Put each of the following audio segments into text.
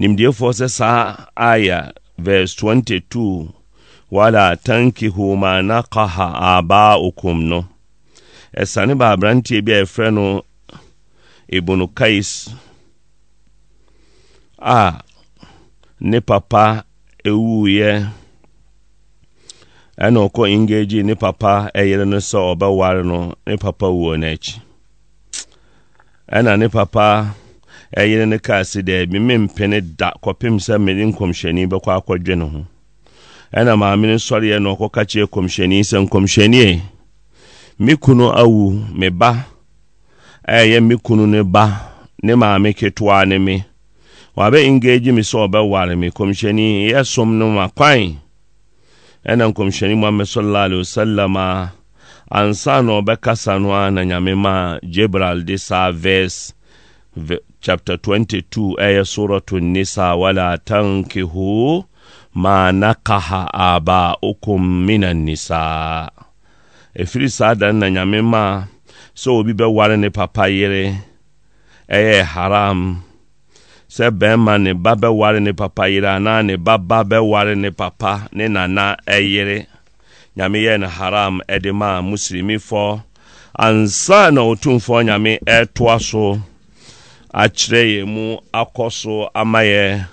nimdeefoɔ sɛ saa aya verse 22 wala tankihu ma nakaha abaokum no ɛsane ba aberanteɛ bi a ɛfrɛ no ibnu kais a ne papa ɛwuiɛ ɛna ɔkɔ ingeji ne papa ɛyere no sɛ ɔbɛware no ne papa wuo n'akyi ɛna ne papa ɛyere ne kaa se daabi mempene da kɔpem sɛ mede nkɔmhyɛni bɛkɔ akɔdwe ne ho ɛna maame no sɔreɛ na ɔkɔka kyerɛ kɔmhyɛni sɛ nkɔmhyɛnie me kunu awu me ba ɛyɛ me kunu ne ba ne maame ketewa ne me wabɛ engage me sɛ ɔbɛware me kɔmhyɛni yɛ som no ma kwan ɛna nkɔmhyɛni muhammed sallallahu alaihi wasallam a ansa na ɔbɛkasa no a na nyame ma jebral de saa verse chapter 22 Aya suratu nisa wala tankihu ma nakaha aba'ukum minan nisa ɛfiri saa da na nyame ma sɛ obi bɛware ne papa yere ɛyɛ haram sɛ bɛrima ne ba bɛware ne papa yere anaa ne baba bɛware ne papa ne nana ɛyere nyame yɛ no haram ɛde maa musilimi ansa na ɔtumfoɔ nyame ɛtoa so akyerɛ yɛn mu akɔ so ama yɛ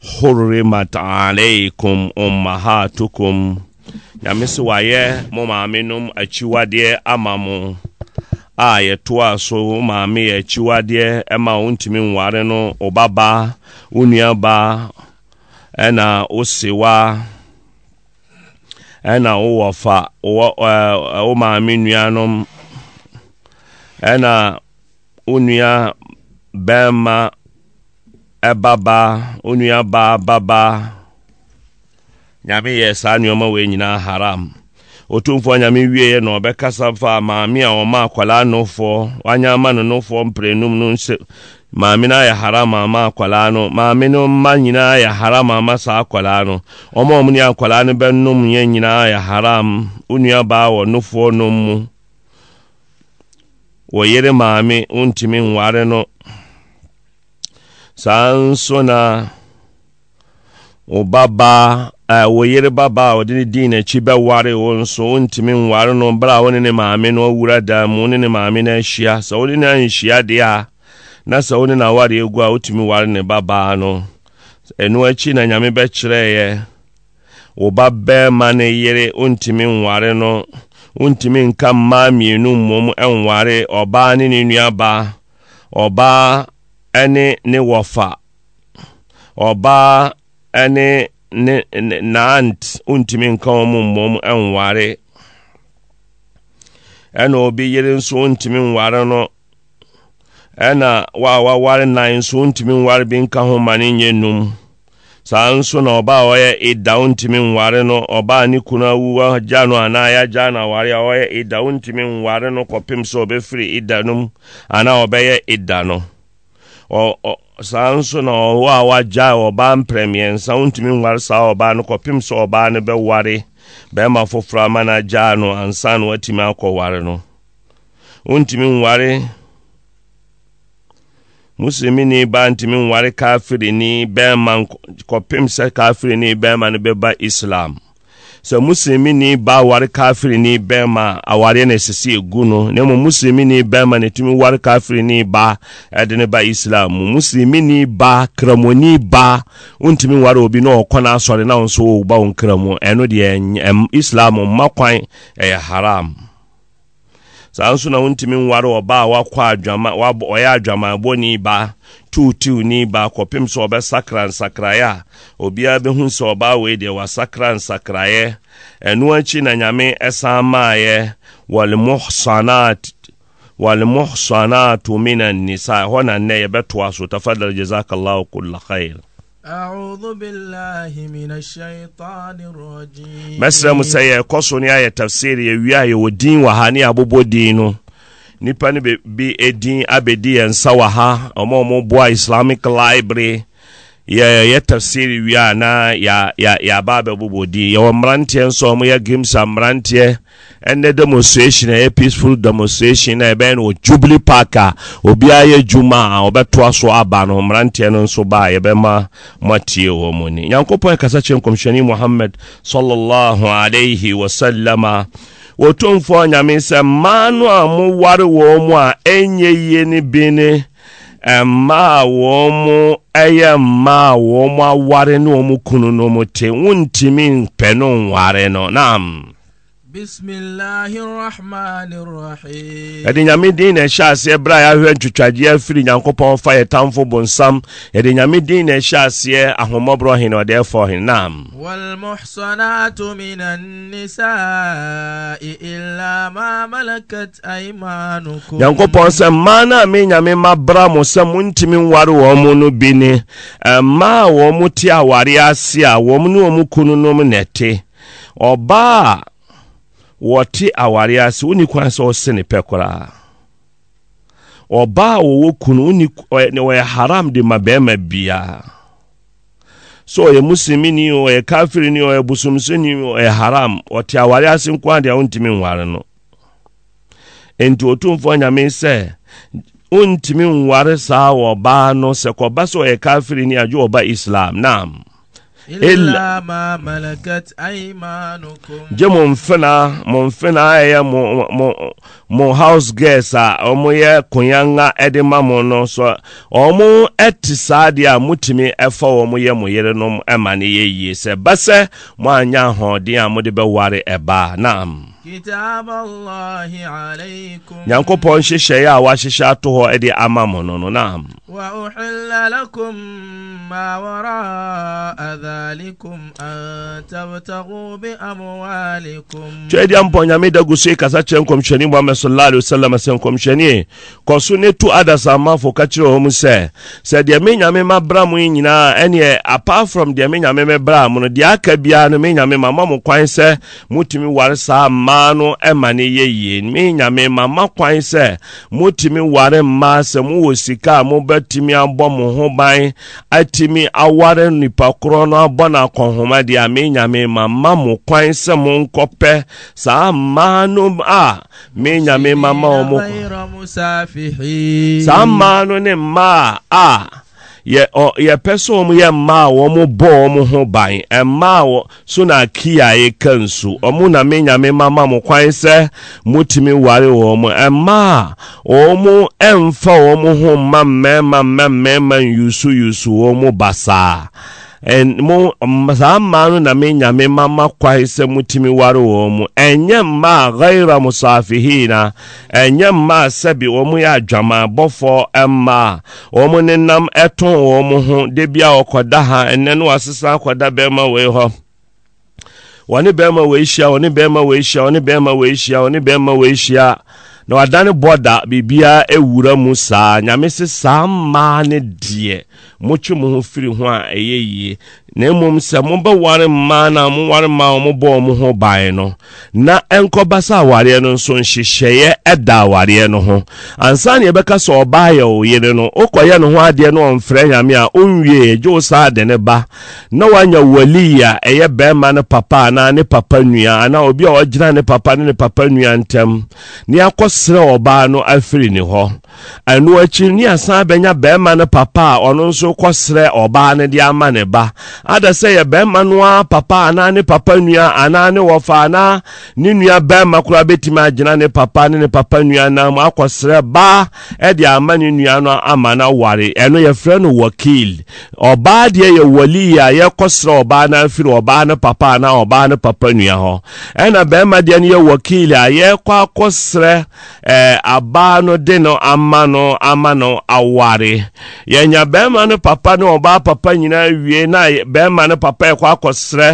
hurrimat aleikum ummahatukum nyame sɛ wayɛ mo maamenom akyiwadeɛ ama mo a yɛtoa so wo maame yɛ akyiwadeɛ ɛma wontumi nware no wo baba wo nuaba ɛna wo sewa ɛna wo wɔfa wo maame nuanom ɛna wo nua bɛrima ɛbabaa e onuabaa babaa nyame yɛ saa nneɔma wei nyinaa haram ɔtumfoɔ nyame wieɛ na ɔbɛkasa faa maame a ɔma akwalaa nofoɔ wanya ama no nofoɔ mprɛnum no nse maame no ayɛ haram ama akwalaa no maame no mma nyinaa yɛ haram ama saa akwalaa no ɔma ɔm ne akwalaa no bɛnom yɛ nyinaa yɛ haram onuabaa wɔ nofoɔ nom mu wɔyere maame wontumi nware no sansona wo baba a wo yere baba a ɔde ne din n'akyi bɛware wo nso wontumi nware no bere a wo ne ne maame no awura da mu ne ne maame no ahyia sɛ wo ne no anhyia deɛ a na sɛ wo ne no aware egu a wotumi ware ne babaa no ɛno akyi na nyame bɛkyerɛeɛ wo ba bɛɛma ne yere wontumi nware no wontumi nka mmaa mmienu mmom nware ɔbaa ne ne nuabaa ɔbaa ɛne ne wɔfa ɔbaa ɛne ne naant wontumi nka wɔ mu mmom ɛnware ɛna obi yere nso ntumi nware no ɛna wa waware nan nso ntumi nware bi nka ho ma ne nyɛ num saa nso na ɔbaa ɔyɛ ida wontumi nware no ɔbaa ne kunu awu agya no anaa yɛagya no aware a ɔyɛ ida wontumi nware no kɔpem sɛ ɔbɛfiri ida no mu anaa ɔbɛyɛ ida no saa nso na ɔwɔ a wagya ɔbaa mprɛmiɛnsa wontumi nware saa ɔbaa no kɔpem sɛ ɔbaa no bɛware bɛrima foforɔ ama no agyaa no ansa na watumi akɔware no wontumi nware musulmini baa ntumi nware kafirini bɛrima kɔpem sɛ kafirini bɛrima no bɛba islam sɛ muslimini ba ware kafirini bɛrima awareɛ na ɛsɛ sɛ ɛgu no na mmom muslimini bɛrima na ɛtumi ware ni ba ɛde ne ba islam mu muslimini ba kramoni ba wontumi ware obi na ɔkɔ no asɔre na wo nso wɔwuba wo nkramu ɛno deɛ islam mma kwan ɛyɛ haram saa nso na wontumi nware ɔbaa wakɔ adwama wabɔ ba adwamabɔni ni ba baa kɔpem sɛ ɔbɛsakra nsakraeɛ a obiara bɛhu sɛ ɔbaa wei deɛ wasakra nsakraeɛ ɛno akyi na nyame ɛsan maaeɛ walmuhsanat walmuhsanatu min annisa ɛhɔ na nnɛ yɛbɛtoa so tafadal jazakallahu kulla khair أعوذ بالله من الشيطان الرجيم مسرا مسيا كوسو ني اي تفسير يويا يودين وهاني ابوبو دينو nipa no bi edin abedi yɛn nsa wɔ ha ɔmo ɔmo boa islamic library yɛyɛ tafsiri wie a na yɛaba abɛbobɔ din yɛwɔ mmeranteɛ nso ɔmo yɛ gimsa mmeranteɛ ɛnɛ demonstration ɛyɛ peaceful demonstration na ɛbɛyɛ no wɔ jubilee park a obiara yɛ dwuma a ɔbɛtoa so aba no mmeranteɛ no nso ba a yɛbɛma mo atie wɔ mo ni nyankopɔn ɛkasa kyerɛ nkɔmhyɛni muhammad sallallahu alaihi wasallama a wɔtomfoɔ nyame sɛ mmaa no a moware wɔ mu a ɛnyɛ yie ne bi ne mmaa a wɔn yɛ mmaa a wɔn aware ne wɔn kunu no mu te wɔntumi mpɛ no nware no naam bisimilahi rahman rahim. yɛde nyame din na ɛhyɛ aseɛ berɛ a yɛahwɛ ntwitwadeɛ afiri nyankopɔn fa yɛ tamfo bonsam yɛde nyame din na ɛhyɛ aseɛ ahommɔborɔ hene ɔdeɛfɔ hene nam والمحصنات من النساء إلا ما ملكت أيمانكم nyankopɔn sɛ mmaa no a me nyame mabra mo sɛ montumi nware wɔn mu no bi ne mmaa a wɔn mo te aware ase a wɔn ne wɔn kunu nom na ɛte ɔbaa wɔte aware ase wonni kwan sɛ ɔse ne pɛ koraa ɔbaa a wɔwɔ kunu wɔyɛ haram de ma bɛrima biara sɛ ɔyɛ musulmini ɔyɛ kafirini ɔyɛ bosomsoni ɔyɛ haram ɔte aware ase nko adeɛ a wontumi nware no enti ɔtumfoɔ nyame sɛ wontumi nware saa wɔ no sɛ kɔba sɛ ɔyɛ kafirini agye ɔba islam naam illa ma malakat aymanukum je mo mfena mo mfena ya mo mo mo house guest a omo ye kunyanga edema ma mo no so omo etisade a mutimi efa omo ye mo yere no ema ne ye yie se bese mo anya ho de a mo de beware eba naam nyankopɔn nhyehyɛeɛ a wahyehyɛ ato hɔ de ama mo no no na twɛdeɛ mpɔ nyame da gu so yi kasa kyerɛ nkɔmhyɛne muhammad sallallahu alaihi wasalam sɛ nkɔmhyɛne kɔ so ne tu adasamafo ka kyerɛ hɔ mu sɛ sɛ deɛ me nyame mabra mo yi nyinaa ɛneɛ apart from deɛ me nyame bra mo no deɛ aka biara no me nyame mama mo kwan sɛ motumi ware saa mma mmaa no ma ne yɛ yie me nyame ma ma kwan sɛ motumi ware mmaa sɛ mowɔ sika a mobɛtumi abɔ mo ho ban atumi aware nipa korɔ no abɔ no akɔnhoma deɛ a me nyame ma ma mo kwan sɛ monkɔpɛ saa mmaa no a me nyame ma ma ɔ mo saa mmaa no ne mmaa a yɛ yɛpɛ sɛ ɔm yɛ mmaa a wɔm bɔ ɔm ho ban ɛma e a so na akiae ka nsu ɔmo na me nyame mama mo kwan e sɛ motumi ware wɔm ɛma a ɔm ɛmfa wɔm ho mma mmarima mma mmarima nyusuyusu wɔm basaa saa mmaa no na me nyame mama kwae sɛ mutumi ware wɔ mu ɛnyɛ mma a ghaira musafihina ɛnyɛ mmaa a sɛbi wɔn yɛ adwamabɔfoɔ mma a wɔn nenam ɛto wɔn ho de bi a wɔkɔda ha ɛnɛ no wɔasesa akɔda bɛrima wei hɔ wɔne bɛrima wei hyia wɔne bɛrima wei hyia wɔne bɛrima wei hyia wɔne bɛrima wei hyia na wadane bɔda biribiara awura mu saa nyame se saa mmaa ne deɛ motwe mo ho firi ho a ɛyɛ yie na mmom sɛ mobɛware mmaa na moware mmaa a mobɔɔ mo ho bae no na ɛnkɔba sɛ awareɛ no nso nhyehyɛeɛ ɛda awareɛ no ho ansa ne yɛbɛka sɛ ɔbaa yɛ wo yere no wokɔyɛ ne ho adeɛ no ɔmfrɛ nyame a ɔnwie gye wo saa de ne ba na woanya wali a ɛyɛ bɛrima ne papa anaa ne papa nnua anaa obi a ɔgyina ne papa ne ne papa nnua ntam ne akɔserɛ ɔbaa no afiri ne hɔ ɛno akyi ne asan bɛnya bɛrima ne papa a ɔno nso no kɔsrɛ ɔbaa no de ama ne ba ada sɛ yɛ bɛrima no a papa anaa ne papa nua anaa ne wɔfa anaa ne nua bɛrima koraa bɛtumi agyina ne papa ne ne papa nua nam akɔsrɛ baa de ama ne nua no ama no aware ɛno yɛfrɛ no wakil ɔbaa deɛ yɛ wali a yɛkɔsrɛ ɔbaa no afiri ɔbaa no papa anaa ɔbaa no papa nua hɔ ɛna bɛrima deɛ no yɛ wakil a yɛkɔ akɔsrɛ ɛɛ abaa no de no ama no ama no aware yɛnya bɛrima no papa ne ɔbaa papa nyinaa wie na bɛrima ne papa ɛkɔ akɔsrɛ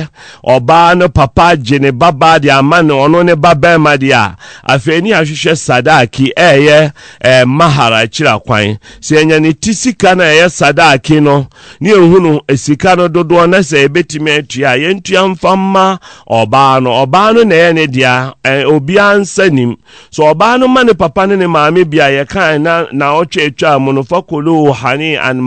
ɔbaa ne papa gye ne babaa de ama ne ɔno ne ba bɛrima de a afei ni ahwehwɛ sadaki ɛɛyɛ ɛɛ mahara akyire akwan sɛ ɛnya ne ti sika na ɛyɛ sadaki no ne ehu no sika no dodoɔ na sɛ ebetumi atua yɛntua mma ɔbaa no ɔbaa no na ɛyɛ ne ɛɛ obiara nsa nim so ɔbaa no ma ne papa ne ne maame na na ɔtwa mu no hani and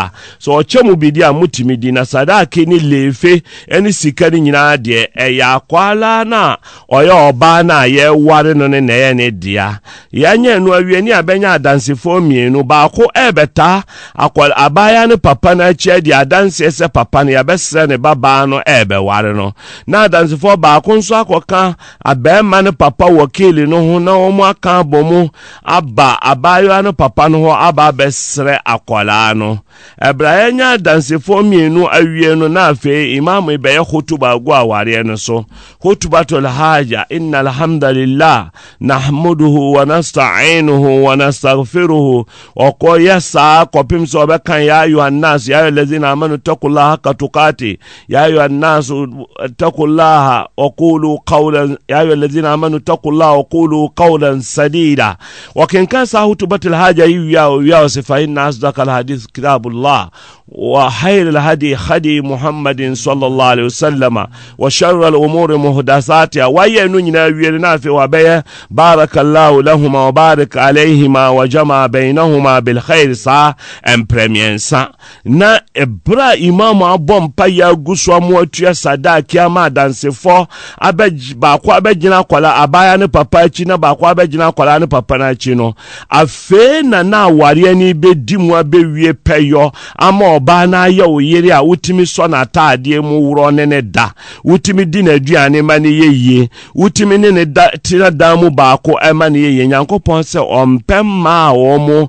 a sɛ ɔkyɛ mu bidi a motumi di na sadake ne lefe ne sika no nyinaa deɛ ɛyɛ akwalaa no a ɔyɛ ɔbaa no a yɛware no ne na ɛyɛ ne dea yɛanyɛ no awiani a bɛnya adansefoɔ mmienu baako ɛrebɛtaa abaayaa ne papa no akyi adi adanseɛ sɛ papa no yɛbɛsrɛ ne babaa no ɛrebɛware no na adansefoɔ baako nso akɔka abɛɛma ne papa wɔ keeli no ho na wɔn aka abɔ mu aba abaayewa ne papa no hɔ aba abɛsrɛ akwaraa no ɛbrɛ yɛnya adansefoɔ mmienu awie no na afei imam bɛyɛ hotuba agu awareɛ no so hotubato haja inna alhamdulillah nahmuduhu wa nasta'inuhu wa nastaghfiruhu ɔkɔyɛ saa kɔpem sɛ ɔbɛkan ya ayuha ya ayuha alladhina amanu taqullaha haqqa ya ayuha nnas taqullaha waqulu qawlan ya ayuha alladhina amanu taqullaha waqulu qawlan sadida wakenka saa hotubato haja yi wia wia sɛ fa inna asdaka alhadith kitabu كتاب الله وخير الهدي هدي محمد صلى الله عليه وسلم وشر الأمور محدثاتها ويا نجنا ويرنا في وبيه بارك الله لهما وبارك عليهما وجمع بينهما بالخير saa mprɛmiɛ nsa na ɛbrɛ a imam abɔ mpa yɛ agu so amu atua sadaki ama adansefo abɛgy baako abɛgyina akwadaa abaayewa ne papa akyi na baako abɛgyina akwadaa ne papa n'akyi no afei na na awareɛ ni bɛdi mu abɛwie pɛyɔ. ayọ ama ɔbaa n'ayɛ wo yere a wotumi sɔ n'ataadeɛ mu worɔ ne ne da wotumi di n'aduane ma ne yɛ yie wotumi ne ne da tena dan mu baako ɛma ne yɛ yie nyankopɔn sɛ ɔmpɛ mmaa a wɔn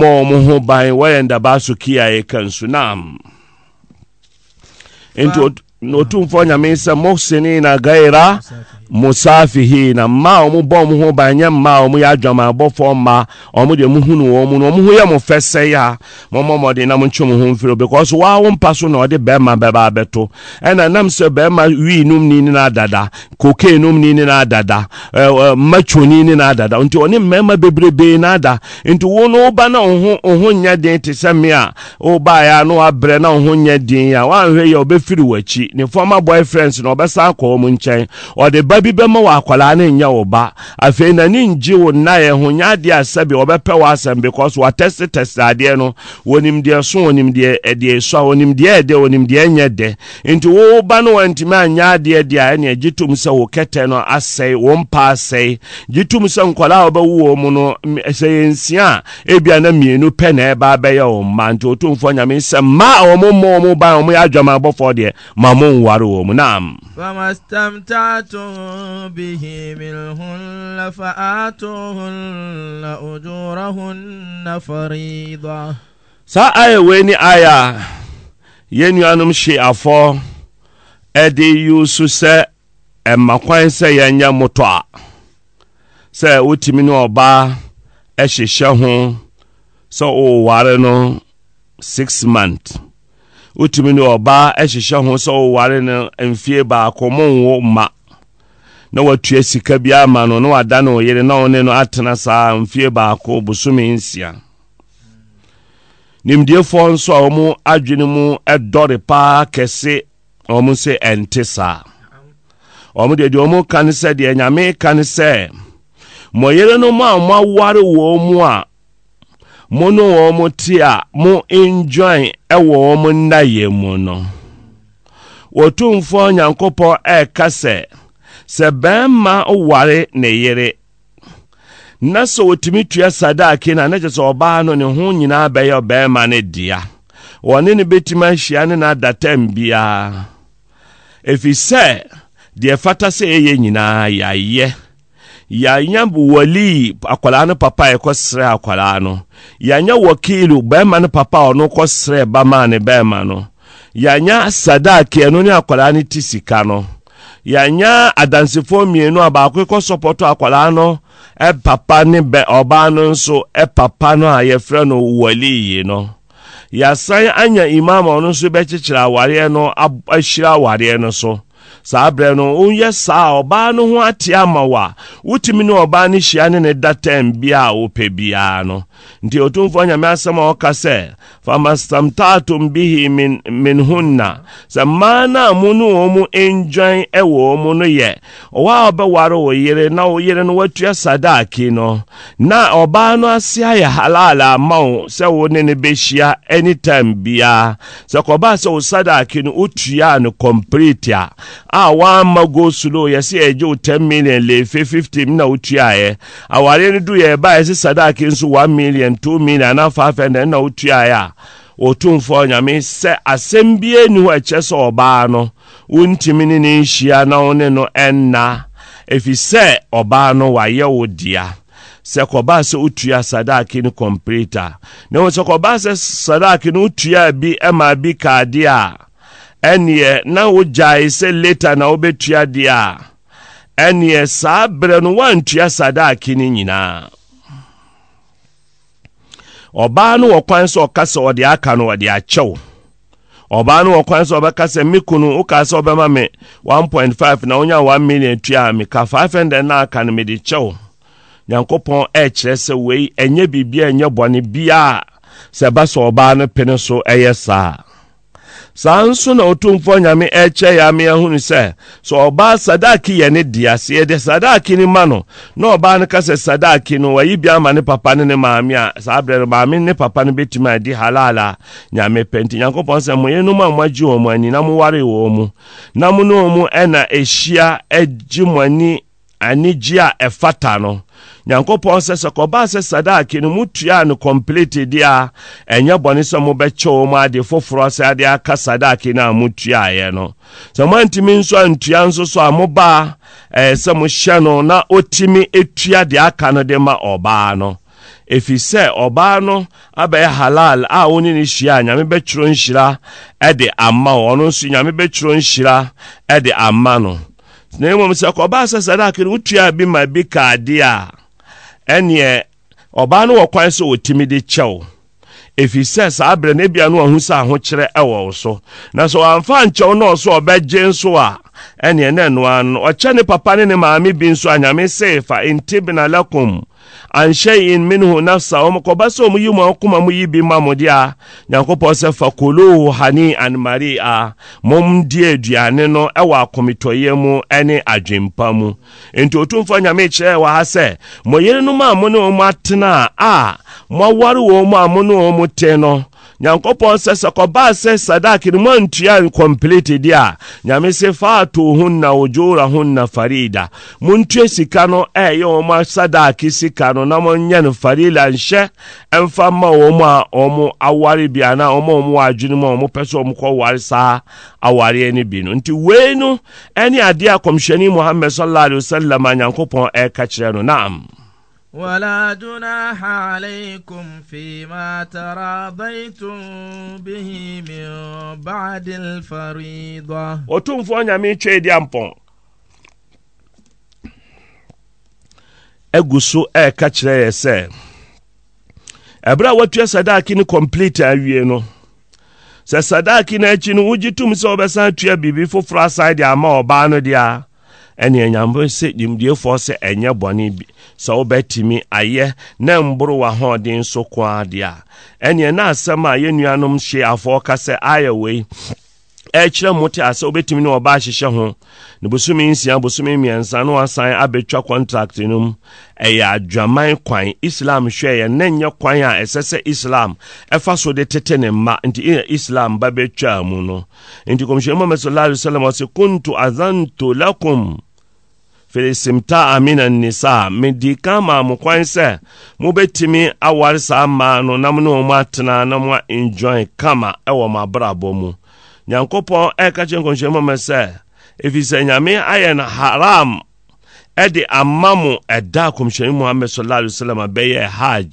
wɔn ho ban wɔyɛ ndabaa so kia yɛ naam musafihina mmaa a wɔbɔ wɔn ho ban nyɛ mmaa a wɔyɛ adwamabɔfoɔ mmaa a wɔde wɔn ho no wɔn mu no wɔn ho yɛ mo fɛsɛɛ a wɔmmɔ mɔden na wɔntwe wɔn ho mfiri because wɔn a wɔn mpa so na wɔde bɛrima bɛba abɛto ɛna nam sɛ bɛrima wii num ni ne na dada cocaine num ni ne na dada ɛɛ macho ni ne na dada nti wɔne mmarima bebrebe na ada nti wɔn no ba na wɔn ho wɔn ho nyɛ den te sɛ mmea ɔbaa ya no abrɛ na wɔn ho nyɛ den ya wɔn ahwɛ yɛ ɔbɛfiri wɔn akyi ne former boyfriends na ɔbɛsa akɔ wɔn nkyɛn ɔde ba bi bɛma wɔ akwadaa ne nyɛ wo ba afei n'ani ngye wo nnaeɛ ho nyɛ adeɛ a sɛbi wɔbɛpɛ wɔ asɛm because wɔatɛse tɛse adeɛ no wɔnim deɛ so wɔnim deɛ ɛdeɛ so a wɔnim deɛ ɛdɛ wɔnim deɛ ɛnyɛ dɛ nti wo ba no wantumi anyɛ adeɛ deɛ a ɛne agye tom sɛ wo kɛtɛ no asɛe wo mpa asɛe gye tom sɛ nkwadaa a wɔbɛwo wɔ mu no sɛ yɛ nsia a ebia na mmienu pɛ na ɛba abɛyɛ wo mma nti otumfoɔ nyame sɛ mmaa a wɔn mmɔ wɔn ba wɔn yɛ adwamabɔfoɔ deɛ ma mo nware wɔn naam. فما استمتعتم به منهن فآتوهن أجورهن فريضة saa aya wei ne aya yɛn nuanom hye afɔ ɛde yiw so sɛ ɛma kwan sɛ yɛnyɛ mmotɔ a sɛ wotumi ne ɔbaa ɛhyehyɛ ho sɛ ɔwoware no six month wotumi ne ɔbaa ɛhyehyɛ ho sɛ woware no mfie baako monwo ma na watua sika bi ama no na wada ne yere na wo ne no atena saa mfie baako bosome nsia nimdiefoɔ nso a wɔn adwene mu dɔre paa kɛse wɔn sɛ ɛnte saa wɔn deɛ deɛ wɔn ka ne sɛ deɛ nyame ka ne sɛ mɔyere no mu a wɔn aware wɔn mu a mo ne wɔn mo te a mo enjoin ɛwɔ wɔn nnayɛ mu no wɔtumfoɔ nyankopɔn ɛɛka sɛ sɛ bɛrima ware ne yere na sɛ otumi tua sadaki na ne kyɛ sɛ ɔbaa no ne ho nyinaa bɛyɛ ɔbɛrima no dea wɔne ne bɛtumi ahyia ne n'adatam biara ɛfiri sɛ deɛ fata sɛ ɛyɛ nyinaa yɛayɛ yɛanya walii akwadaa no papa a ɛkɔsrɛ akwadaa no yɛanya wakilu bɛrima no papa a ɔno kɔsrɛ bama ne bɛrima no Yanya sadaki ɛno ne akwadaa no ti sika no yɛanya adansefoɔ mmienu a baako kɔ sɔpɔtɔ akwadaa no ɛpapa ne bɛ ɔbaa no nso ɛpapa no a yɛfrɛ no walii no yɛasan anya imam a ɔno nso bɛkyekyere awareɛ no ahyira awareɛ no so saa berɛ no wonyɛ saa ɔbaa no ho ate ama wo a wotumi ne ɔbaa no hyia ne ne da bia a wopɛ biara no nti ɔtumfoɔ nyame asɛm a ɔka sɛ famastamtatom bihi min, min hunna sɛ mmaa no a mu ne wɔ mu ɛndwan ɛwɔ mu no yɛ ɔwɔ a ɔbɛware wo yere na wo yere no watua sadaki no na ɔbaa no ase ayɛ halal ama wo sɛ wo ne ne bɛhyia anytime biara sɛ kɔbaa sɛ wo sadaki no wotuaa no complete a a wama go slow yɛsɛ yɛgye wo 10 million 15 na wotuaeɛ awareɛ no du yɛba yɛsɛ sadaki nso 1 million 2 million ana na wotuaeɛ a ɔtumfoɔ nyame sɛ asɛm bia ni hɔ ɛkyɛ sɛ ɔbaa no wontimi ne ne nhyia na wo ne no ɛnna ɛfiri sɛ ɔbaa no wayɛ wo dea sɛ kɔbaa sɛ wotua sadaki no na sɛ sadaki no bi ɛma bi kaadeɛ ɛneɛ na wogyae sɛ leta na wobɛtua deɛ a ɛneɛ saa berɛ no woantua sadaake no nyinaa ɔbaa no wɔ kwan sɛ ɔka sɛ ɔde aka no ɔde akyɛw ɔbaa no wɔ kwan sɛ ɔbɛka sɛ me kunu wokaa sɛ ɔbɛma me 1.5 na wonya 1 million tua a meka 500 na aka no mede kyɛw nyankopɔn ɛkyerɛ sɛ wei ɛnyɛ biribia ɛnyɛ bɔne biaa sɛ ɛba sɛ ɔbaa no pene so ɛyɛ saa saa nso na ɔtumfoɔ nyame ɛkyɛ yɛ ame ahunu sɛ sɛ ɔbaa sadaki yɛ ne dea sɛ yɛde sadaki no ma no na ɔbaa no ka sadaki no wayi bia ma ne papa ne ne maame a saa berɛ no maame ne papa no bɛtumi adi halala a nyame pɛ nti nyankopɔn sɛ mo yɛnom a moagye wɔ mo ani na moware wɔ mu na mo ne wɔ mu ɛna ɛhyia agye mo ani anigye a ɛfata no nyankopɔn sɛ sɛ kɔbaa sɛ sadaki no mutuaa no complete deɛ a ɛnyɛ bɔne sɛ mobɛkyɛw mu ade foforɔ sɛ ade aka sadaki no a motuaeɛ no sɛ moantumi nso antua nso so a mobaa ɛɛ eh, sɛ mohyɛ no na ɔtumi ɛtua deɛ aka no de ma ɔbaa no ɛfiri sɛ ɔbaa no abɛyɛ halal a wo ne no hyia a nyame bɛtwerɛ nhyira ɛde ama wo ɔno nso nyame bɛtwerɛ nhyira ɛde ama no na mmom sɛ ɔbaa sɛ sadaka no wotua bi ma bi ka adeɛ a ɛneɛ ɔbaa no wɔ kwan sɛ ɔtumi de kyɛw ɛfiri sɛ saa berɛ no ebia no wahu sɛ ahokyerɛ ɛwɔ wo so na sɛ wɔamfa nkyɛw na ɔso ɔbɛgye nso a ɛneɛ na ɛnoa no ɔkyɛ ne papa ne ne maame bi nso anyame see fa intibna lakum an shay'in minhu nafsa wɔn kɔba sɛ wɔn yi mu akoma mu yi bi ma mu de a nyankopɔn sɛ hani and maria mom di aduane no ɛwɔ akomitɔyɛ mu ɛne adwempa mu nti otumfoɔ nyame kyerɛ wɔ ha sɛ mo yerenom a mo ne wɔn atena a mo aware wɔn a mo ne wɔn te no nyankopɔn sɛ sɛ kɔbaa sɛ sadaki no moantua complete deɛ a nyame se faatoo ho na ojora ho na farida montue sika no ɛɛyɛ wɔ m sadaki sika no na monyɛ no farila nhyɛ ɛmfa ma wɔ m a ɔmo aware bi anaa ɔma ɔmo wɔ adwene mu a ɔmo pɛ sɛ ɔmo kɔware saa awareɛ no bi no nti wei no ɛne adeɛ a kɔmhyɛni mohammed sallallahu alaihi wasallam a nyankopɔn ɛɛka kyerɛ no naam ولا جناح عليكم فيما تراضيتم به من بعد الفريضة Otumfuo Nyame twɛ di ampɔn egu so ɛreka kyerɛ yɛ sɛ ɛberɛ a watua sadaki no complete awie no sɛ sadaki no akyi no wogye tom sɛ wobɛsan atua biribi foforɔ asan de ama ɔbaa no deɛ a ɛne nyampɔ sɛ gyimdiefoɔ sɛ ɛnyɛ bɔne bi sɛ wobɛtumi ayɛ na mboro w'ahoɔden so ko deɛ a ɛneɛ na asɛm a yɛn nuanom hye ka sɛ ayɛ wei ɛkyerɛ mo te asɛ wobɛtumi ne ɔba ahyehyɛ ho ne bosome nsia bosome mmiɛnsa na wasan abɛtwa contract no mu ɛyɛ adwaman kwan islam hwɛɛyɛ na nyɛ kwan a ɛsɛ sɛ islam ɛfa so de tete ne mma nti islam ba bɛtwaa mu no nti kɔmhyɛni muhammad sallallahu alaihi wasallam ɔse kuntu azantu lakum filisimta amina nisa medi kan maa mo kwan sɛ mobɛtumi aware saa mmaa no nam ne wɔn atena na mo a enjoy kama ɛwɔ mo abrabɔ mu nyankopɔn ɛka kyerɛ nkɔmhyɛmmɔ mɛ sɛ ɛfiri sɛ nyame ayɛ no haram ɛde ama mo ɛda kɔmhyɛne muhammad sallallahu alaihi wasallam bɛyɛ hajj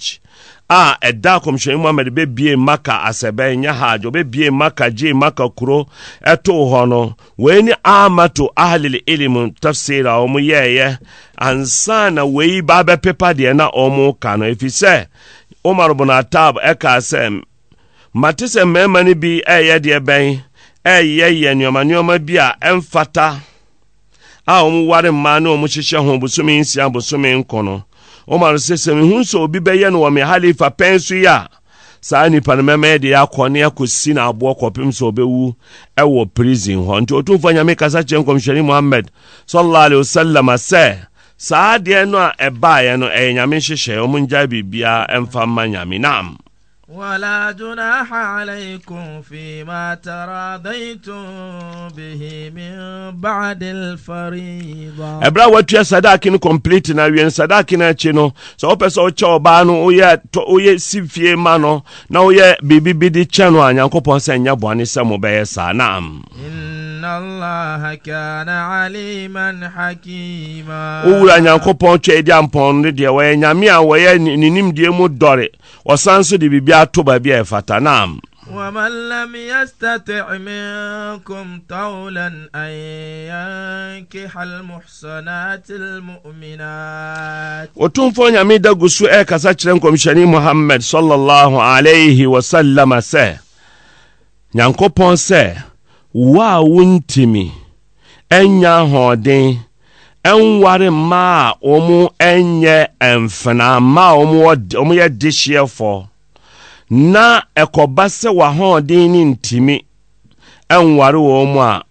a ɛda kɔmhyɛne muhammad bɛbie maka asɛbɛn nyɛ hajj ɔbɛbie maka gye maka kuro ɛtoo hɔ no wei ne amato ahlil ilim tafsir a ɔmo yɛɛyɛ ansa na wei ba bɛpepa deɛ na ɔmo ka no ɛfiri sɛ omar bun sɛ mate sɛ mmarima no bi ɛyɛ deɛ bɛn ɛyɛyɛ nneɔmanneɔma bi a ɛmfata a ɔm ware mmaa ne ɔm hyehyɛ ho bosome nsia bosome nkɔ no ɔma no sɛ sɛ mehu sɛ obi bɛyɛ no wɔ me halifa pɛn so yi a saa nnipa no mɛma de akɔ ne si aboɔ kɔpem sɛ ɔbɛwu ɛwɔ prison hɔ nti nyame kasa kyerɛ sallallahu alaihi wasallam sɛ saa no a ɛbaeɛ no ɛyɛ nyame ɛmfa mma nyame naam ولا جناح عليكم فيما تراضيتم به من بعد الفريضة ɛberɛ a watua sadaki no complete na awie no sadaki no akyi no sɛ wopɛ sɛ wokyɛ ɔbaa no woyɛ woyɛ si fie ma no na woyɛ biribi bi de kyɛ no a nyankopɔn sɛ nyɛ bɔne sɛ mobɛyɛ saa naam mm. إن الله كان عليما حكيما وولا نيانكو بون تشي دي امبون دي وي نيامي ا وي نينيم دي مو دوري وسان سو دي بيبيا تو بابيا فاتا نعم ومن لم يستطع منكم طولا أن ينكح المحصنات المؤمنات وتنفو نيامي دا اي كاسا كيرن محمد صلى الله عليه وسلم سي نيانكو بون سي wo a wontimi ɛnya ahoɔden ɛnware mmaa a wɔn ɛnyɛ mfenaa mmaa a wɔyɛ dehyeɛfoɔ na ɛkɔba sɛ w'ahoɔden ne ntimi ɛnware wɔn a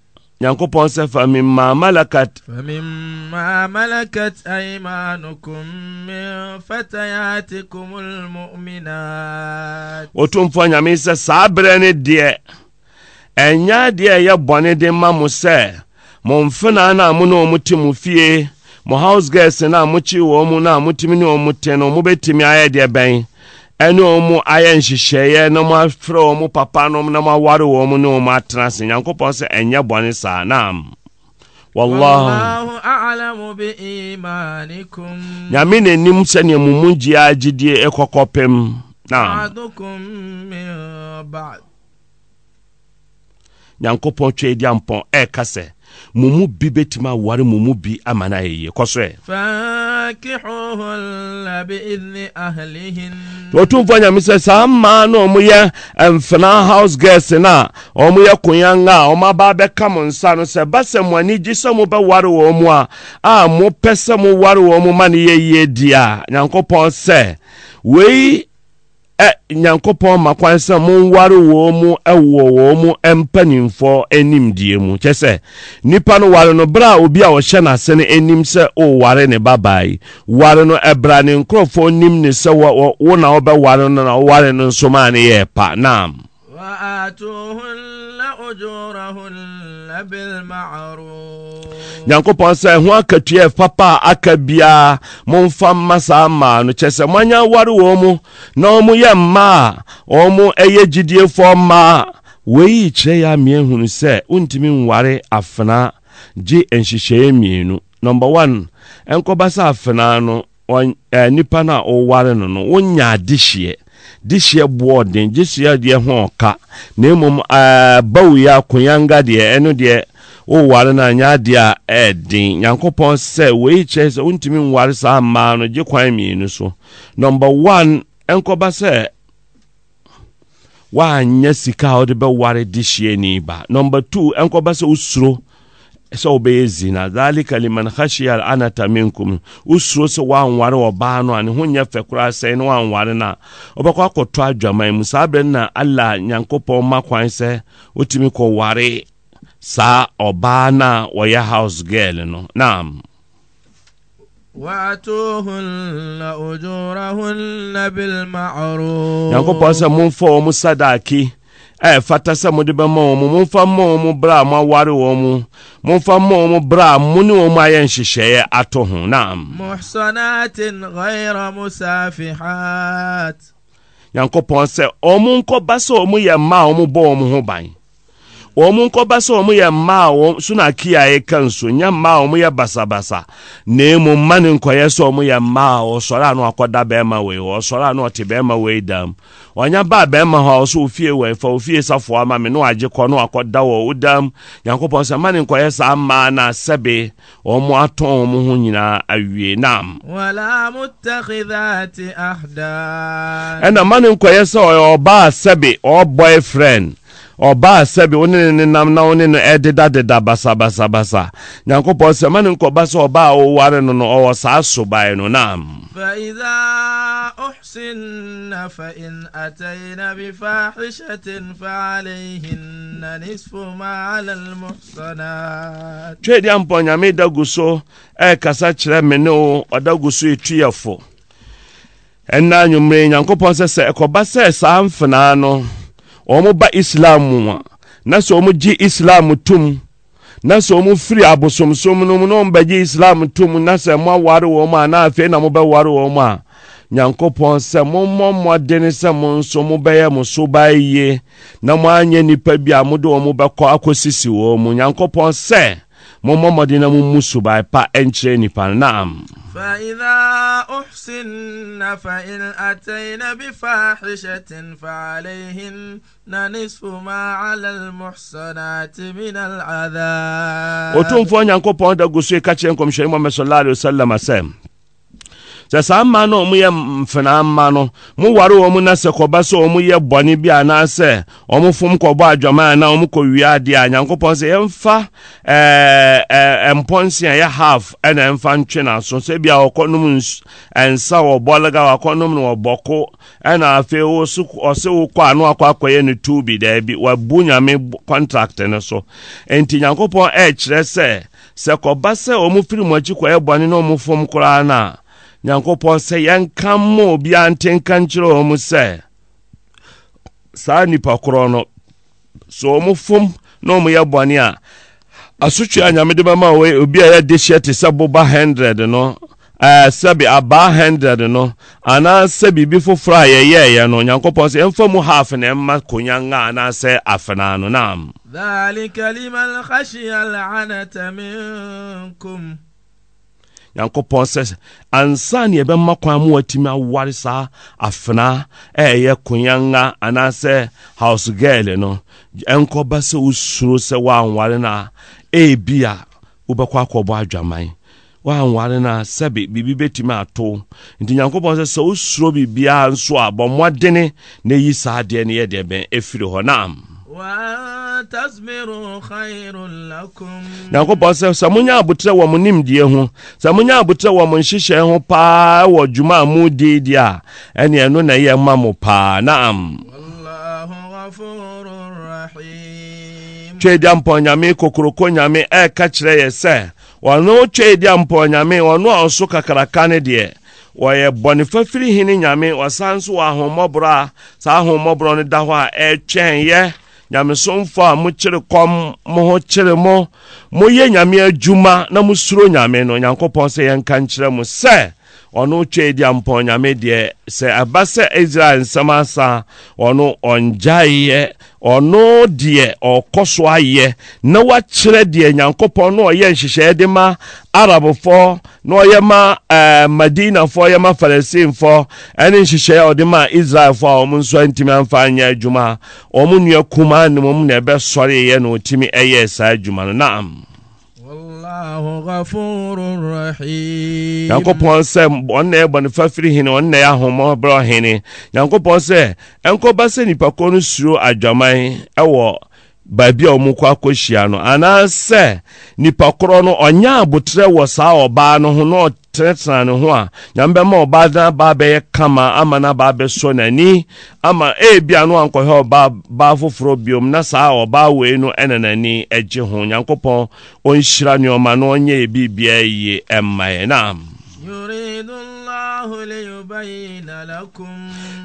nyankopɔn sɛ fa mimma malakat فمما ملكت أيمانكم من فتياتكم المؤمنات ɔtomfoɔ nyame sɛ saa berɛ ne deɛ ɛnyɛ adeɛ ɛyɛ bɔne de ma mo sɛ mo mfenaa na mo ne ɔmo te mo fie mo house na mokyi wɔ mu naa motumi ne ɔmo te no mobɛtumi ayɛ deɛ bɛn ɛne ayɛ nhyehyɛeɛ na mo afrɛ papa nom na mo aware wɔ mu ne ɔmo atena ase nyankopɔn sɛ ɛnyɛ bɔne saa naam والله نعم nyankopɔn twɛ di ampɔn ɛɛka sɛ mo mu bi bɛtumi aware mo mu bi ama no ayɛ kɔ so ɛ ɔtumfoɔ nyame sɛ saa mmaa no ɔmoyɛ mfena house guest no a ɔmoyɛ koyanga a ɔmo aba bɛka mo nsa no sɛ ba sɛ mo ani gye sɛ mobɛware wɔ mu a a mopɛ sɛ moware wɔ mo ma no yɛ di a nyankopɔn sɛ wei nyankopɔn ma kwan sɛ monware wɔ mu ɛwɔ wɔ mu mpanimfoɔ animdeɛ mu kyɛ sɛ nipa no ware no berɛ a obi a ɔhyɛ n'ase no anim sɛ oware ne babaa yi ware no ɛbra ne nkurɔfoɔ nim ne sɛ wo na wobɛware no na woware no nso maa ne yɛ pa naam nyankopɔn sɛ ɛho akatua ɛpapa a aka biara momfa mma saa mmaa no kyɛ sɛ moanya ware wɔ mu na ɔmo yɛ mma a ɔmo ɛyɛ gyidiefoɔ mmaa wei kyerɛ yɛ ameɛ hunu sɛ wontumi nware afena gye nhyehyɛeɛ mmienu nɔmba one ɛnkɔba sɛ afena no no a woware no gye hyɛ boɔ den na mmom bawo yi akonyanga deɛ ɛno deɛ woware no anyɛ adeɛ a ɛɛden nyankopɔn sɛ wei kyerɛ sɛ wontumi nware saa mmaa no gye kwan mmienu so nɔmba ɛnkɔba sɛ sika a wode bɛware ni ba nɔmba ɛnkɔba sɛ wosuro sɛ wobɛyɛ zina dhalika liman khashia anata minkum wosuro sɛ woanware ɔbaa no a ne ho nyɛ fɛ koraa sɛe ne woanware no a wobɛkɔ akɔtɔ adwaman mu saa berɛ na ala nyankopɔn ma kwan sɛ wotumi kɔware saa ɔbaa no a wɔyɛ house girl no naam واتوهن أجورهن بالمعروف. يعني كوبا سمون فو مساداكي ɛfata sɛ mode bɛma wɔ mu momfa mma wɔ mu berɛ a moaware wɔ mu momfa mma wɔ mu berɛ a mo ne wɔ mu ayɛ nhyehyɛeɛ atɔ ho naam nyankopɔn sɛ ɔmo nkɔba sɛ ɔmo yɛ mma a ɔmo bɔ ɔmo ho ban wɔn mu nkɔba sɛ wɔn yɛ mmaa wɔn so kia ɛka nso nyɛ mmaa wɔn yɛ basabasa na emu mma ne nkɔyɛ sɛ wɔn yɛ mmaa ɔsɔre ano akɔda bɛrima wei ɔsɔre ano ɔte bɛrima wei dam wɔnyɛ baa bɛrima hɔ ɔsɔ ofie wɔ ofie safoa ama mi ajikọ wagye kɔ wɔ mma na sɛbe wɔn atɔn wɔn ho nyinaa awie nam. mma ne nkɔyɛ sɛ ɔbaa sɛbi wo ne ne nenam na wo ne no ɛdedadeda basabasabasa nyankopɔn sɛ ma nkɔba sɛ ɔbaa woware no no ɔwɔ saa sobae no nam فإذا nyame da gu so ɛkasa kyerɛ me ne wo ɔda gu so ɛtuyɛfo ɛnna anwummerɛ nyankopɔn sɛ sɛ ɛkɔba sɛ saa mfenaa no wɔn ba islam mu a na sɛ wɔn gye islam tom na sɛ wɔn firi abosomsom no mu na wɔn bɛgye islam tom na sɛ mo aware wɔn a na afei na mo bɛware wɔn a nyankopɔn sɛ mommɔ mmɔden sɛ mo nso mobɛyɛ mo so ba yie na moanyɛ nnipa bi a mode wɔn bɛkɔ akɔsisi wɔn mu nyankopɔn sɛ mommɔ mmɔden na mommu subae pa ɛnkyerɛ nnipa no naam فإذا أحسن فإن أتين بفاحشة فعليهن نصف ما على المحصنات من العذاب. وتوم فون يانكو بون دا غوسي كاتشين كوم شيمو صلى الله عليه وسلم sɛ saa mma no ɔmo yɛ mfenaa mma no na sɛ kɔba sɛ ɔmo bɔne bi anaasɛ fom kɔbɔ na ɔmo kɔwia adeɛ a nyankopɔn sɛ yɛmfa mpɔnse a yɛ half ɛna ɛmfa ntwe n'aso sɛ bia wɔkɔnom nsa wɔ bɔlega wɔakɔnom no wɔ bɔko ɛna afei wo akɔ akɔyɛ bi daabi nyame so nyankopɔn ɛɛkyerɛ sɛ sɛ kɔba na fom koraa nyankopɔn sɛ yɛnka mo obiara nte nka nkyerɛ wɔ mu sɛ saa nnipa korɔ no sɛ ɔmo fom na ɔmo yɛ bɔne a asotwe a nyame de bɛma obi a yɛde hyɛ te sɛ boba 100 no ɛɛ sɛbi abaa 100 no anaa biribi foforɔ a yɛyɛɛyɛ no nyankopɔn sɛ ɛmfa mu half na ɛmma konya nga anaasɛ afenaa no naam nyankopɔn sɛ ansa ne ɛbɛma kwan mu watumi aware saa afenaa ɛɛyɛ koyanga anaasɛ house girl no ɛnkɔba sɛ wosuro sɛ woanware no a ɛbi eh, a wobɛkɔ akɔbɔ adwaman woanware no a sɛbe biribi bɛtumi ato nti nyankopɔn sɛ sɛ wosuro biribiaa nso a bɔ na yi saa deɛ no yɛ deɛ bɛn ɛfiri hɔ naam. nyankopɔn sɛ sɛ monya abotrɛ wɔ mo nimdeɛ ho sɛ monya abotrɛ wɔ mo nhyehyɛ ho paa wɔ dwuma a modi deɛ a ɛne ɛno na ɛyɛ ma mo paa naam twɛdia mpɔ nyame kokoroko nyame ɛɛka kyerɛ yɛ sɛ ɔno twɛdia mpɔ nyame ɔno a ɔso kakraka ne deɛ wɔyɛ bɔne fafiri hene nyame ɔsan so wɔ ahommɔborɔ a saa ahommɔborɔ no da hɔ a ɛɛtwɛn yɛ nyamesomfo a mokyere kɔm mo ho kyere mo moyɛ nyame adwuma na mosuro nyame no nyankopɔn sɛ yɛnka nkyerɛ mo sɛ ɔno twɛ di ampɔnyame deɛ sɛ ɛba sɛ israel nsɛm asa ɔno ɔngyaeɛ ɔno deɛ ɔkɔ so ayɛ na wakyerɛ deɛ nyankopɔn na ɔyɛ nhyehyɛeɛ de ma arabfoɔ na ɔyɛ ma ɛɛ eh, madinafoɔ yɛ ma falasinfoɔ ɛne nhyehyɛeɛ ɔde ma a nso ntumi anyɛ adwuma nua kumaa ne na ɛbɛsɔre yɛ na ɛyɛ saa adwuma no naam. nyankopɔn sɛ ɔnna na ne fa firi hene ɔnna yɛ ahoma brɛ ɔhene nyankopɔn sɛ ɛnkɔba sɛ nnipakorɔ no suro adwaman ɛwɔ baabi a ɔmo kɔ akɔhyia no anaasɛ nnipakorɔ no ɔnyɛ abotrɛ wɔ saa ɔbaa no ho na tenatena ne ho a nyame bɛma ɔbaa no baa bɛyɛ kama ama no baa bɛsɔ n'ani ama ebia no ankɔhwɛ ɔbaa foforɔ biom na saa ɔbaa wei no ɛna n'ani agye ho nyankopɔn ɔnhyira nneɔma na ɔnyɛ yɛ biribiaa yie ɛmma yɛ naam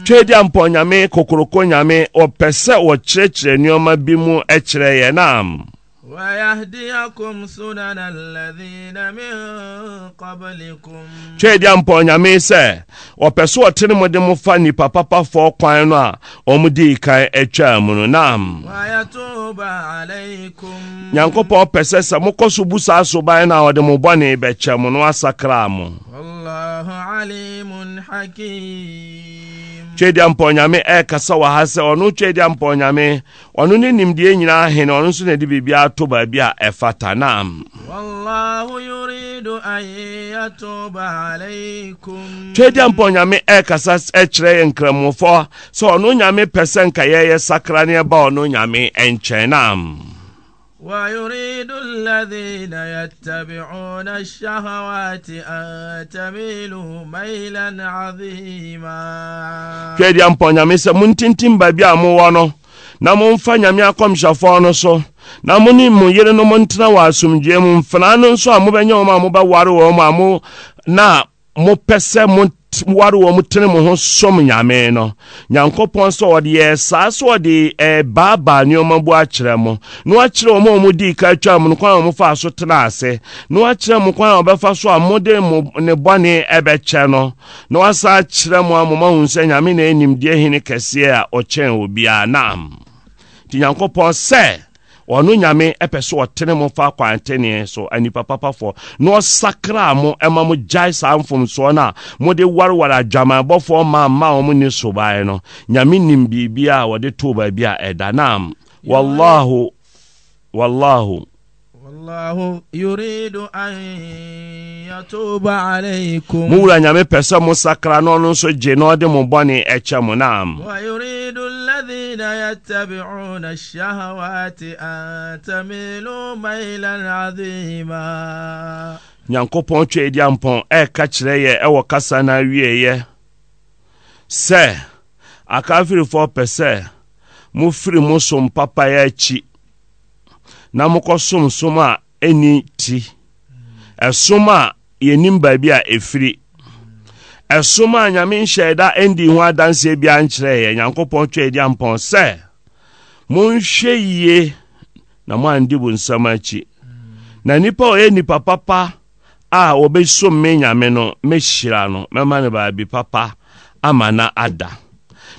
twedi ampɔ nyame kokoroko nyame ɔpɛ sɛ wɔkyerɛkyerɛ nneɔma bi mu ɛkyerɛ yɛ naam twɛdi ampa onyame sɛ ɔpɛ so ɔtene mo de mo fa nnipa papafoɔ kwan no a ɔmo dii kan atwaa mu no nam nyankopɔn pɛ sɛ sɛ mokɔ so bu saa soban no a ɔde mo bɔne bɛkyɛ mo no asakraa mo twɛdia eh, mpɔ eh, eh, nyame ɛɛkasa wɔ ha sɛ ɔno twɛdia mpɔ nyame ɔno ne nimdeɛ nyinaa hene ɔno nso na de biribiaa to baabi a ɛfata naam twɛdia mpɔ nyame ɛɛkasa ɛkyerɛ nkramofɔ sɛ ɔno nyame pɛ sɛ nka sakra ne ɛba ɔno nyame ɛnkyɛn naam ويريد الذين يتبعون الشهوات أن تميلوا ميلا عظيما hwɛ deɛ mpɔ nyame sɛ montintim baabi a mowɔ no na momfa nyame akɔmhyɛfoɔ no so na mo ne mo yere no montena wɔ asomdwoe mu mfenaa no nso a mobɛnyɛ wɔn a mobɛware wɔ mu a mo na mopɛ sɛ moware wɔ mo tene mo ho som nyame no nyankopɔn sɛ ɔde yɛ eh, saa sɛ ɔde eh, baabaa nneɔma bu akyerɛ mo na wakyerɛ wɔ ma ɔ mu ka atwa mu no kwan a mofaa so tena ase na wakyerɛ mo kwan a ɔbɛfa so a mode ne bɔne ɛbɛkyɛ no na wasa akyerɛ mo a mo mahu sɛ nyame na animdeɛ hene kɛseɛ a ɔkyɛn obiaa naam nti nyankopɔn sɛ ɔno nyame ɛpɛ sɛ ɔtene mo fa kwanteneɛ so anipa papafoɔ na ɔsakra mo ɛma mo gyae saa mfomsoɔ no a mode wareware adwamanbɔfoɔ ma ma ɔmo ni sobaeɛ no nyame nim biribia a wɔde too baabi a ɛda nam wallahu wallahu Allahu yuridu an yatuba alaykum. Mu wura nyame pɛ mu mo sakra na ɔno nso gye na ɔde mo bɔne ɛkyɛ mo naam. Wa yuridu alladhina yattabi'una ash-shahawati an tamilu maylan 'azima. Nyankopɔn twɛ edi ampɔn ɛka kyerɛ yɛ ɛwɔ kasa na awieɛ sɛ akafirifoɔ pɛ sɛ mofiri mo so mpapayɛ akyi na mokɔsom som a ɛni ti ɛsom a yɛnim baabi a ɛfiri ɛsom a nyame nhyɛɛ da ɛndi ho adanseɛ biara nkyerɛeɛ nyankopɔn twɛ adi ampɔn sɛ monhwɛ yie na moandi bo nsɛm akyi na nnipa a ɔyɛ nnipa papa a wɔbɛsom me nyame no mɛhyira no mɛma no baabi papa ama na ada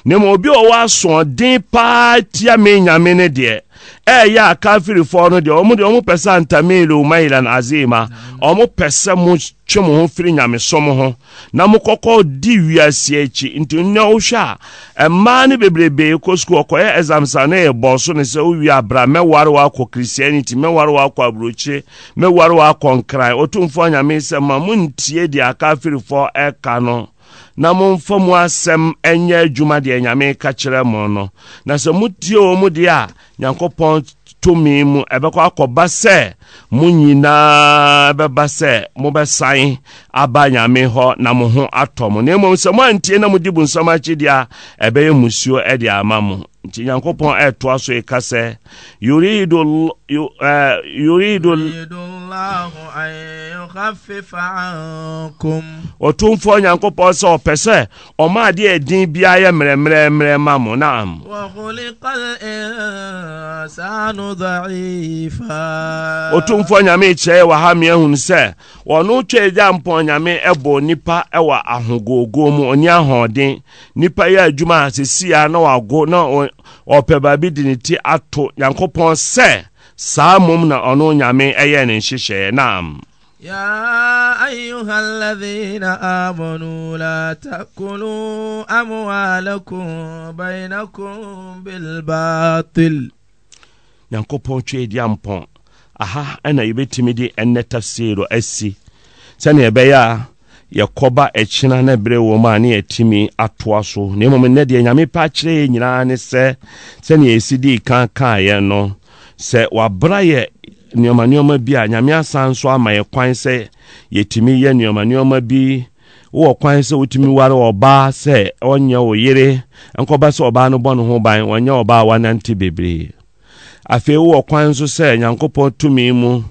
na mmom obi a ɔwɔ asoɔden paa tia me nyame no deɛ ɛɛyɛ a kafirifoɔ no deɛ ɔmo deɛ ɔmo pɛ sɛ antamilu mailan azima ɔmo pɛ sɛ mo twe mo ho firi nyamesom ho na mo kɔkɔ di wiase akyi nti nnɛ wohwɛ a mmaa no bebrebee kɔ sukuu ɔkɔyɛ ɛzamsa ne yɛbɔ so ne sɛ wowie abra mɛware wakɔ kristianity mɛware wakɔ aburokyi mɛware wakɔ nkran ɔtomfoɔ nyame sɛ ma montie deɛ akafirifoɔ ɛka no na momfa mu asɛm ɛnyɛ adwuma deɛ nyame ka kyerɛ mo no na sɛ motie wɔ mu deɛ a nyankopɔn tumi mu ɛbɛkɔ akɔba sɛ mo nyinaa bɛba sɛ mobɛsan aba nyame hɔ na mo ho atɔ mo na mmom sɛ moantie na modi bu nsɛm akyi deɛ a ɛbɛyɛ musuo ɛde ama mo nti nyankopɔn ɛɛtoa so eka sɛ ɔtomfoɔ nyankopɔn sɛ ɔpɛ sɛ ɔma adeɛ ɛdin biaa yɛ mmerɛmmerɛmmerɛ ma mo naam ɔtomfoɔ nyame kyerɛ yɛ wɔ ha mmea hunu sɛ ɔno twɛ gya mpɔn nyame ɛbɔ nipa ɛwɔ ahogogo mu ɔne ahoɔden nnipa yɛ adwuma sesia na wago na ɔpɛ baabi de ne ti ato nyankopɔn sɛ saa mmom na ɔno nyame ɛyɛ ne nhyehyɛeɛ naam يا أيها الذين آمنوا لا تأكلوا أموالكم بينكم بالباطل nyankopɔn twe di ampɔn aha ɛna yɛbɛtumi de ɛnnɛ tafsiro asi sɛnea ɛbɛyɛ yɛkɔba akyina na berɛ wɔ mu a ne yɛatumi atoa so na mmom nnɛ deɛ nyame pa kyerɛ yɛ nyinaa ne sɛ sɛneɛ yɛsi dii ka kaeɛ no sɛ wabra yɛ nneɔma nneɔma bi a nyame asan nso ama yɛ kwan sɛ yɛtumi yɛ nneɔma nneɔma bi wowɔ kwan sɛ wotumi ware ɔbaa sɛ ɔnyɛ wo yere nkɔba sɛ ɔbaa no bɔ ne ho ban ɔnyɛ ɔbaa wanante bebree afei wowɔ kwan nso sɛ nyankopɔn tumi mu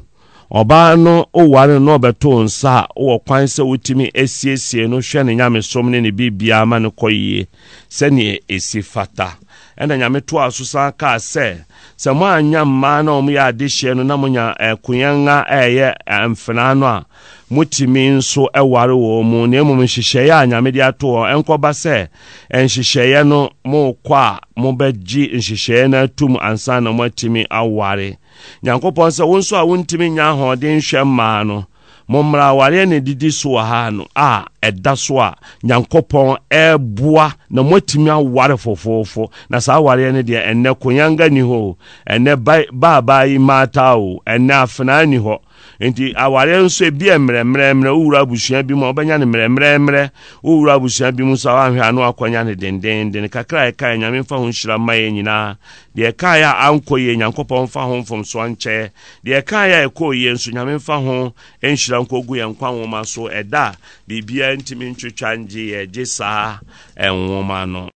ɔbaa no oware na ɔbɛtoo nsa a wowɔ kwan sɛ wotumi asiesie no hwɛ ne nyamesom ne ne biribiaa ma no kɔ yie sɛneɛ ɛsi fata ɛna nyame toa so san kaa sɛ sɛ mo anya mmaa na ɔmo yɛ adehyeɛ no na monya ɛkoyɛnga ɛɛyɛ mfenaa no a motumi nso ɛware wɔ mu na mmom nhyehyɛeɛ a nyame de ato hɔ ɛnkɔba sɛ nhyehyɛeɛ no mokɔ a mobɛgye nhyehyɛeɛ no atom ansa na moatumi aware nyankopɔn sɛ wo nso a wontumi nya ahoɔden hwɛ mmaa no mo mmarawareɛ ne didi so wɔ ha no a ɛda so a nyankopɔn ɛɛboa na moatumi aware fofoofo na saa awareɛ no deɛ ɛnɛ konyanga ni hɔ o ɛnɛ baabaa yi maataa o ɛnɛ afenaa ni hɔ nti awareɛ nso ebi yɛ mmerɛmmerɛmmerɛ wowura abusua bi mu a wobɛnya ne mmerɛmmerɛmmerɛ wowura abusua bi mu so a woahwɛ ano akɔnya ne dendenden kakra a ɛkaeɛ nyame mfa ho nhyira ma yɛ nyinaa deɛ ɛkaeɛ a ankɔ yie nyankopɔn mfa ho mfomsoɔ nkyɛ deɛ ɛkaeɛ a ɛkɔɔ yie nso nyame mfa ho nhyira nkɔgu yɛ nkwa nwoma so ɛda a ntumi ntwitwa ngye yɛ gye saa ɛnwoma no